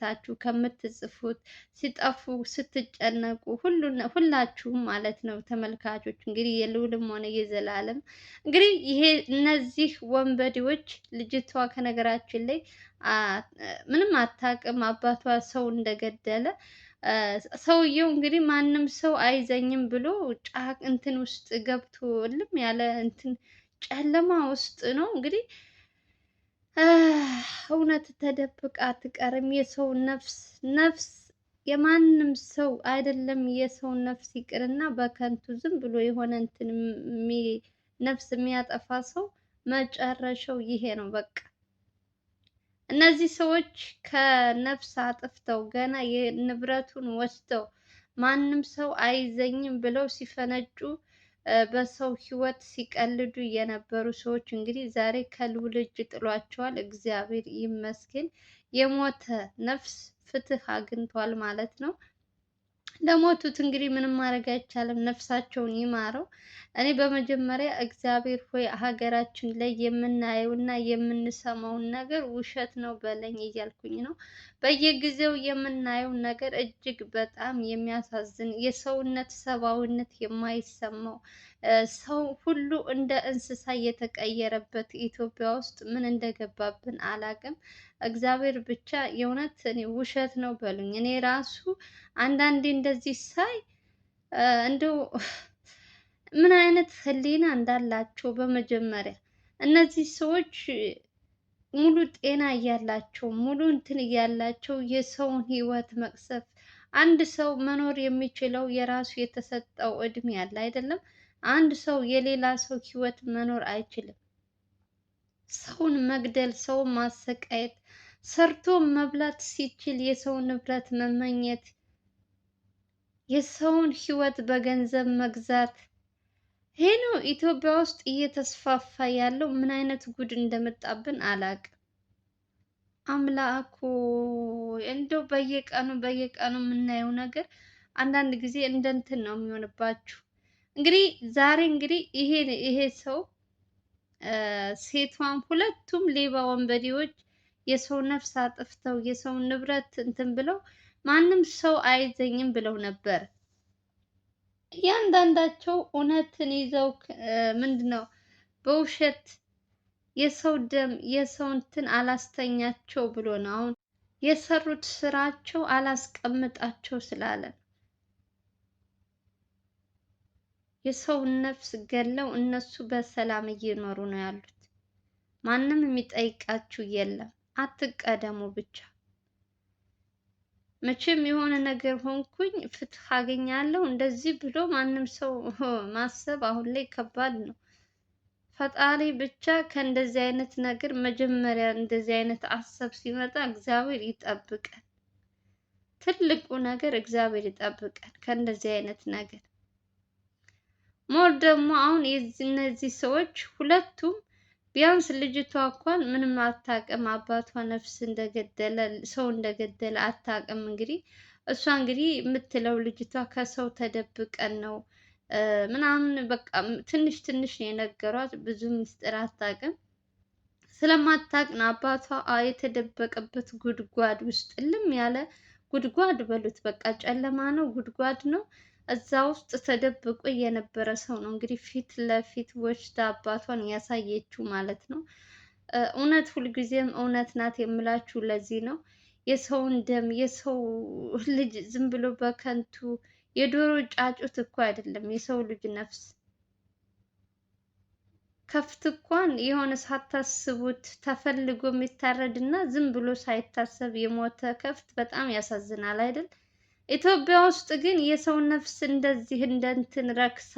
ታችሁ ከምትጽፉት ሲጠፉ ስትጨነቁ ሁላችሁም ማለት ነው ተመልካቾች እንግዲህ የልዑልም ሆነ የዘላለም እንግዲህ ይሄ እነዚህ ወንበዴዎች ልጅቷ ከነገራችን ላይ ምንም አታውቅም። አባቷ ሰው እንደገደለ ሰውየው እንግዲህ ማንም ሰው አይዘኝም ብሎ ጫቅ እንትን ውስጥ ገብቶ ልም ያለ እንትን ጨለማ ውስጥ ነው እንግዲህ እውነት ተደብቃ አትቀርም። የሰው ነፍስ ነፍስ የማንም ሰው አይደለም የሰው ነፍስ ይቅርና በከንቱ ዝም ብሎ የሆነ እንትን ነፍስ የሚያጠፋ ሰው መጨረሻው ይሄ ነው በቃ። እነዚህ ሰዎች ከነፍስ አጥፍተው ገና የንብረቱን ወስደው ማንም ሰው አይዘኝም ብለው ሲፈነጩ በሰው ህይወት ሲቀልዱ የነበሩ ሰዎች እንግዲህ ዛሬ ከልዑል እጅ ጥሏቸዋል። እግዚአብሔር ይመስገን የሞተ ነፍስ ፍትህ አግኝቷል ማለት ነው። ለሞቱት እንግዲህ ምንም ማድረግ አይቻልም። ነፍሳቸውን ይማረው። እኔ በመጀመሪያ እግዚአብሔር ሆይ ሀገራችን ላይ የምናየው እና የምንሰማውን ነገር ውሸት ነው በለኝ እያልኩኝ ነው። በየጊዜው የምናየው ነገር እጅግ በጣም የሚያሳዝን የሰውነት ሰብአዊነት የማይሰማው ሰው ሁሉ እንደ እንስሳ የተቀየረበት ኢትዮጵያ ውስጥ ምን እንደገባብን አላቅም። እግዚአብሔር ብቻ የእውነት እኔ ውሸት ነው በሉኝ። እኔ ራሱ አንዳንዴ እንደዚህ ሳይ እንደው ምን አይነት ህሊና እንዳላቸው በመጀመሪያ እነዚህ ሰዎች ሙሉ ጤና እያላቸው ሙሉ እንትን እያላቸው የሰውን ህይወት መቅሰፍ አንድ ሰው መኖር የሚችለው የራሱ የተሰጠው እድሜ ያለ አይደለም። አንድ ሰው የሌላ ሰው ህይወት መኖር አይችልም። ሰውን መግደል፣ ሰውን ማሰቃየት ሰርቶ መብላት ሲችል የሰውን ንብረት መመኘት፣ የሰውን ህይወት በገንዘብ መግዛት ይሄ ነው ኢትዮጵያ ውስጥ እየተስፋፋ ያለው። ምን አይነት ጉድ እንደመጣብን አላቅ አምላኩ እንደው በየቀኑ በየቀኑ የምናየው ነገር አንዳንድ ጊዜ እንደ እንትን ነው የሚሆንባችሁ። እንግዲህ ዛሬ እንግዲህ ይሄ ይሄ ሰው ሴቷም ሁለቱም ሌባ ወንበዴዎች የሰው ነፍስ አጥፍተው የሰው ንብረት እንትን ብለው ማንም ሰው አይዘኝም ብለው ነበር። እያንዳንዳቸው እውነትን ይዘው ምንድን ነው በውሸት የሰው ደም የሰው እንትን አላስተኛቸው ብሎ ነው አሁን የሰሩት ስራቸው አላስቀምጣቸው ስላለ የሰውን ነፍስ ገለው እነሱ በሰላም እየኖሩ ነው ያሉት። ማንም የሚጠይቃችሁ የለም። አትቀደሙ ብቻ። መቼም የሆነ ነገር ሆንኩኝ ፍትህ አገኛለሁ እንደዚህ ብሎ ማንም ሰው ማሰብ አሁን ላይ ከባድ ነው። ፈጣሪ ብቻ ከእንደዚህ አይነት ነገር መጀመሪያ እንደዚህ አይነት አሰብ ሲመጣ እግዚአብሔር ይጠብቀን። ትልቁ ነገር እግዚአብሔር ይጠብቀን ከእንደዚህ አይነት ነገር ሞር ደግሞ አሁን እነዚህ ሰዎች ሁለቱም ቢያንስ ልጅቷ እንኳን ምንም አታውቅም። አባቷ ነፍስ እንደገደለ ሰው እንደገደለ አታውቅም። እንግዲህ እሷ እንግዲህ የምትለው ልጅቷ ከሰው ተደብቀን ነው ምናምን በቃ ትንሽ ትንሽ ነው የነገሯት። ብዙ ምስጢር አታውቅም። ስለማታውቅ ነው አባቷ የተደበቀበት ጉድጓድ ውስጥ ልም ያለ ጉድጓድ በሉት በቃ ጨለማ ነው፣ ጉድጓድ ነው። እዛ ውስጥ ተደብቆ የነበረ ሰው ነው እንግዲህ ፊት ለፊት ወስዳ አባቷን ያሳየችው ማለት ነው። እውነት ሁልጊዜም እውነት ናት የምላችሁ ለዚህ ነው። የሰውን ደም የሰው ልጅ ዝም ብሎ በከንቱ የዶሮ ጫጩት እኮ አይደለም የሰው ልጅ ነፍስ። ከፍት እንኳን የሆነ ሳታስቡት ተፈልጎ የሚታረድ እና ዝም ብሎ ሳይታሰብ የሞተ ከፍት በጣም ያሳዝናል አይደል? ኢትዮጵያ ውስጥ ግን የሰው ነፍስ እንደዚህ እንደንትን ረክሳ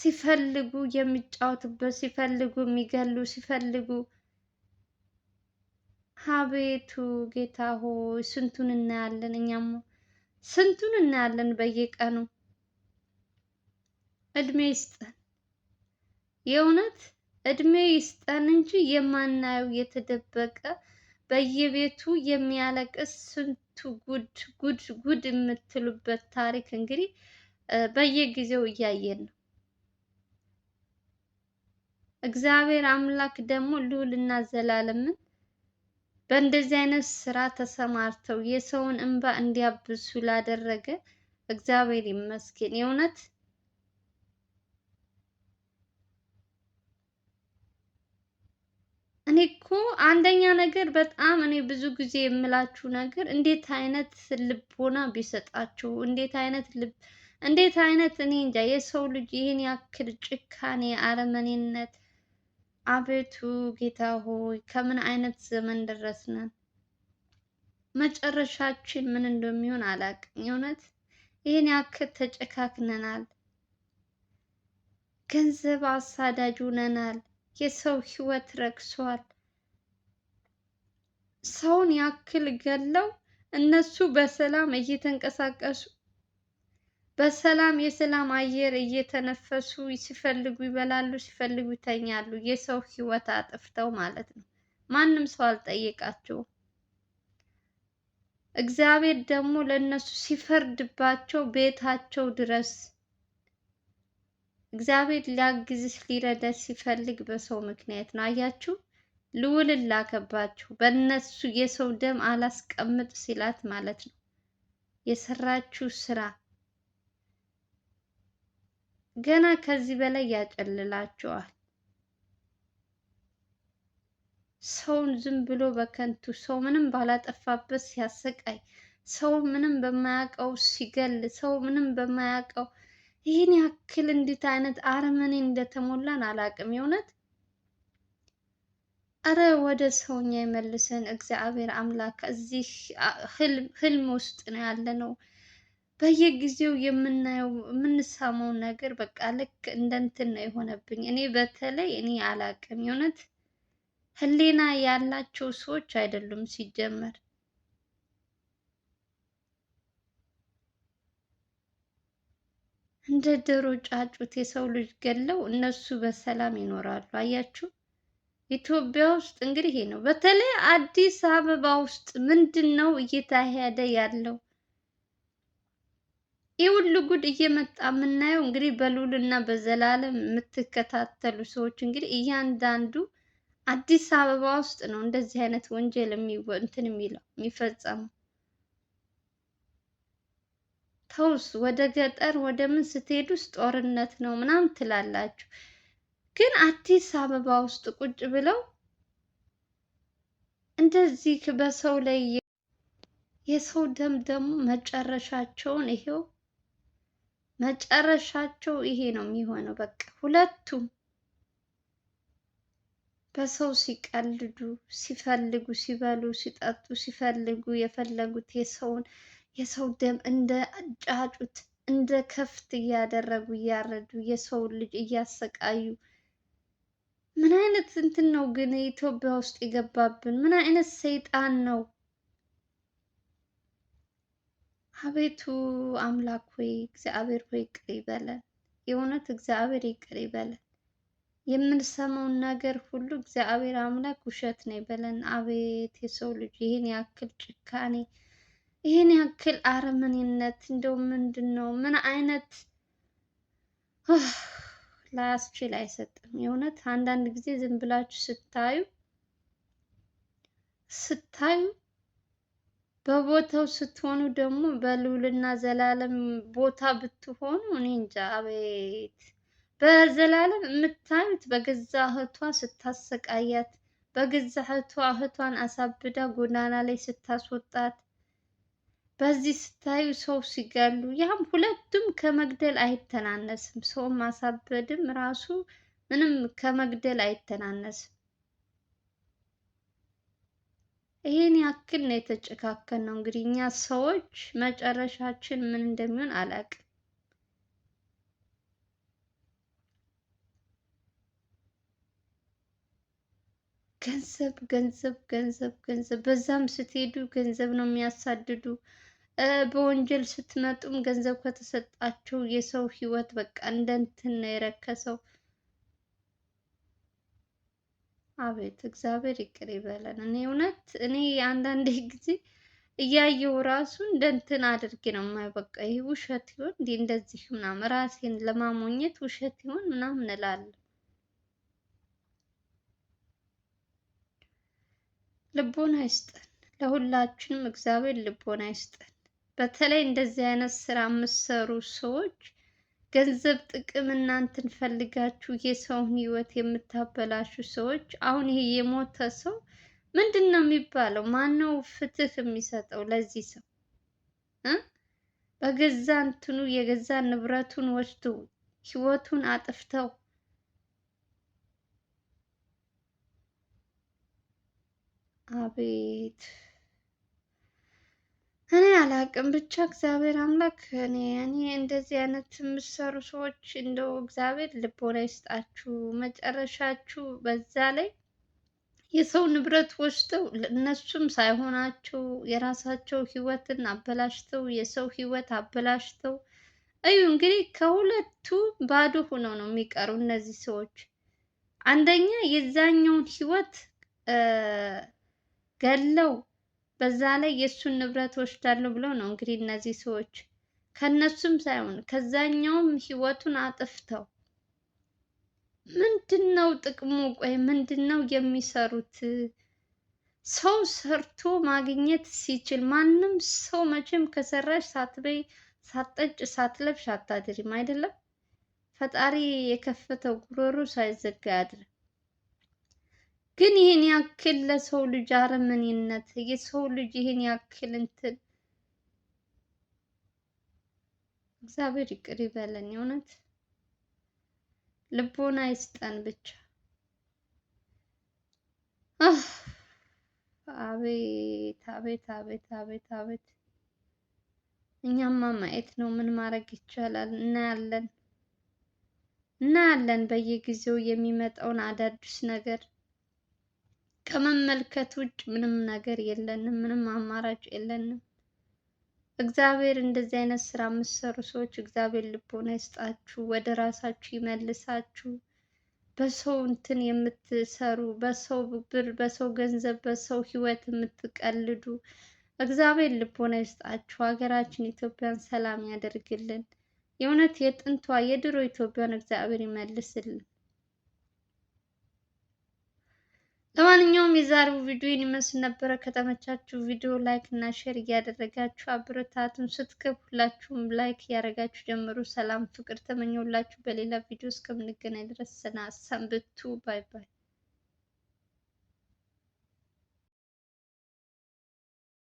ሲፈልጉ የሚጫወቱበት ሲፈልጉ የሚገሉ ሲፈልጉ አቤቱ ጌታ ሆይ ስንቱን እናያለን። እኛማ ስንቱን እናያለን በየቀኑ እድሜ ይስጠን። የእውነት እድሜ ይስጠን እንጂ የማናየው የተደበቀ በየቤቱ የሚያለቅስ ስንቱ ቱ ጉድ ጉድ ጉድ የምትሉበት ታሪክ እንግዲህ በየጊዜው እያየን ነው። እግዚአብሔር አምላክ ደግሞ ልዑልና ዘላለምን በእንደዚህ አይነት ስራ ተሰማርተው የሰውን እንባ እንዲያብሱ ላደረገ እግዚአብሔር ይመስገን የእውነት እኔ እኮ አንደኛ ነገር በጣም እኔ ብዙ ጊዜ የምላችሁ ነገር እንዴት አይነት ልቦና ቢሰጣችሁ፣ እንዴት አይነት ልብ እንዴት አይነት እኔ እንጃ የሰው ልጅ ይህን ያክል ጭካኔ፣ አረመኔነት አቤቱ ጌታ ሆይ ከምን አይነት ዘመን ደረስነን? መጨረሻችን ምን እንደሚሆን አላቅኝ እውነት ይህን ያክል ተጨካክነናል። ገንዘብ አሳዳጅ ሆነናል። የሰው ህይወት ረክሷል። ሰውን ያክል ገለው እነሱ በሰላም እየተንቀሳቀሱ በሰላም የሰላም አየር እየተነፈሱ ሲፈልጉ ይበላሉ፣ ሲፈልጉ ይተኛሉ። የሰው ህይወት አጥፍተው ማለት ነው። ማንም ሰው አልጠየቃቸውም። እግዚአብሔር ደግሞ ለእነሱ ሲፈርድባቸው ቤታቸው ድረስ እግዚአብሔር ሊያግዝሽ ሊረዳሽ ሲፈልግ በሰው ምክንያት ነው። አያችሁ፣ ልውል ላከባችሁ። በእነሱ የሰው ደም አላስቀምጥ ሲላት ማለት ነው የሰራችሁ ስራ ገና ከዚህ በላይ ያጨልላችኋል። ሰውን ዝም ብሎ በከንቱ ሰው ምንም ባላጠፋበት ሲያሰቃይ፣ ሰው ምንም በማያውቀው ሲገል፣ ሰው ምንም በማያውቀው ይህን ያክል እንዴት አይነት አረመኔ እንደተሞላን አላቅም የእውነት አረ ወደ ሰውኛ የመልሰን እግዚአብሔር አምላክ። እዚህ ህልም ውስጥ ነው ያለነው። በየጊዜው የምናየው የምንሰማው ነገር በቃ ልክ እንደንትን ነው የሆነብኝ። እኔ በተለይ እኔ አላቅም የእውነት ህሊና ያላቸው ሰዎች አይደሉም ሲጀመር እንደ ዶሮ ጫጩት የሰው ልጅ ገለው እነሱ በሰላም ይኖራሉ። አያችሁ ኢትዮጵያ ውስጥ እንግዲህ ይሄ ነው። በተለይ አዲስ አበባ ውስጥ ምንድን ነው እየተካሄደ ያለው? ይህ ሁሉ ጉድ እየመጣ የምናየው እንግዲህ በሉልና እና በዘላለም የምትከታተሉ ሰዎች እንግዲህ እያንዳንዱ አዲስ አበባ ውስጥ ነው እንደዚህ አይነት ወንጀል እንትን የሚለው የሚፈጸመው ተውስ ወደ ገጠር ወደ ምን ውስጥ ጦርነት ነው ምናምን ትላላችሁ። ግን አዲስ አበባ ውስጥ ቁጭ ብለው እንደዚህ በሰው ላይ የሰው ደም ደግሞ መጨረሻቸውን ይሄው መጨረሻቸው ይሄ ነው የሚሆነው። በቃ ሁለቱም በሰው ሲቀልዱ፣ ሲፈልጉ፣ ሲበሉ፣ ሲጠጡ፣ ሲፈልጉ የፈለጉት የሰውን የሰው ደም እንደ ጫጩት እንደ ከፍት እያደረጉ እያረዱ የሰው ልጅ እያሰቃዩ ምን አይነት እንትን ነው ግን ኢትዮጵያ ውስጥ የገባብን? ምን አይነት ሰይጣን ነው? አቤቱ አምላክ ሆይ እግዚአብሔር ሆይ ይቅር ይበለን። የእውነት እግዚአብሔር ይቅር ይበለን። የምንሰማውን ነገር ሁሉ እግዚአብሔር አምላክ ውሸት ነው ይበለን። አቤት የሰው ልጅ ይህን ያክል ጭካኔ ይህን ያክል አረመኔነት እንደው ምንድን ነው? ምን አይነት ላያስችል አይሰጥም። የእውነት አንዳንድ ጊዜ ዝም ብላችሁ ስታዩ ስታዩ በቦታው ስትሆኑ ደግሞ በልዑልና ዘላለም ቦታ ብትሆኑ እኔ እንጃ አቤት። በዘላለም የምታዩት በገዛ እህቷ ስታሰቃያት፣ በገዛ እህቷ እህቷን አሳብዳ ጎዳና ላይ ስታስወጣት በዚህ ስታዩ ሰው ሲገሉ ያም ሁለቱም ከመግደል አይተናነስም። ሰው ማሳበድም ራሱ ምንም ከመግደል አይተናነስም። ይህን ያክል ነው የተጨካከል ነው። እንግዲህ እኛ ሰዎች መጨረሻችን ምን እንደሚሆን አላቅ ገንዘብ ገንዘብ ገንዘብ ገንዘብ፣ በዛም ስትሄዱ ገንዘብ ነው የሚያሳድዱ። በወንጀል ስትመጡም ገንዘብ ከተሰጣችሁ የሰው ህይወት በቃ እንደ እንትን ነው የረከሰው። አቤት እግዚአብሔር ይቅር ይበለን። እኔ እውነት እኔ አንዳንዴ ጊዜ እያየው ራሱ እንደ እንትን አድርጌ ነው የማየው። በቃ ይህ ውሸት ይሆን እንዲ እንደዚህ ምናምን ራሴን ለማሞኘት ውሸት ይሆን ምናምን እላለሁ። ልቦና ይስጠን ለሁላችንም፣ እግዚአብሔር ልቦና ይስጠን። በተለይ እንደዚህ አይነት ስራ የምትሰሩ ሰዎች ገንዘብ ጥቅም እናንተን ፈልጋችሁ የሰውን ህይወት የምታበላሹ ሰዎች፣ አሁን ይሄ የሞተ ሰው ምንድን ነው የሚባለው? ማነው ፍትህ የሚሰጠው ለዚህ ሰው በገዛ እንትኑ የገዛ ንብረቱን ወስዶ ህይወቱን አጥፍተው አቤት እኔ አላቅም ብቻ እግዚአብሔር አምላክ እኔ እኔ እንደዚህ አይነት የምትሰሩ ሰዎች እንደው እግዚአብሔር ልቦና ይስጣችሁ፣ መጨረሻችሁ። በዛ ላይ የሰው ንብረት ወስደው እነሱም ሳይሆናቸው የራሳቸው ህይወትን አበላሽተው የሰው ህይወት አበላሽተው እዩ። እንግዲህ ከሁለቱ ባዶ ሆነው ነው የሚቀሩ እነዚህ ሰዎች። አንደኛ የዛኛውን ህይወት ገለው በዛ ላይ የእሱን ንብረት ወስዳለሁ ብለው ነው እንግዲህ እነዚህ ሰዎች ከነሱም ሳይሆን ከዛኛውም ህይወቱን አጥፍተው ምንድን ነው ጥቅሙ? ቆይ ምንድን ነው የሚሰሩት? ሰው ሰርቶ ማግኘት ሲችል ማንም ሰው መቼም ከሰራሽ ሳትበይ ሳትጠጭ ሳትለብሽ አታድሪም አይደለም? ፈጣሪ የከፈተው ጉሮሮ ሳይዘጋ ያድርም። ግን ይህን ያክል ለሰው ልጅ አረመኔነት የሰው ልጅ ይህን ያክል እንትን እግዚአብሔር ይቅር ይበለን። የእውነት ልቦና ይስጠን ብቻ። አቤት አቤት አቤት አቤት አቤት! እኛማ ማየት ነው፣ ምን ማድረግ ይቻላል? እናያለን እናያለን በየጊዜው የሚመጣውን አዳዲስ ነገር ከመመልከት ውጭ ምንም ነገር የለንም፣ ምንም አማራጭ የለንም። እግዚአብሔር እንደዚህ አይነት ስራ የምትሰሩ ሰዎች እግዚአብሔር ልቦና ይስጣችሁ፣ ወደ ራሳችሁ ይመልሳችሁ። በሰው እንትን የምትሰሩ በሰው ብር፣ በሰው ገንዘብ፣ በሰው ህይወት የምትቀልዱ እግዚአብሔር ልቦና ይስጣችሁ። ሀገራችን ኢትዮጵያን ሰላም ያደርግልን። የእውነት የጥንቷ የድሮ ኢትዮጵያን እግዚአብሔር ይመልስልን። ለማንኛውም የዛሬው ቪዲዮ ይመስል ነበረ። ከተመቻችሁ ቪዲዮ ላይክ እና ሼር እያደረጋችሁ አበረታቱን። ስትገቡ ሁላችሁም ላይክ እያደረጋችሁ ጀምሩ። ሰላም ፍቅር ተመኘሁላችሁ። በሌላ ቪዲዮ እስከምንገናኝ ድረስ ሰና ሰንብቱ። ባይ ባይ።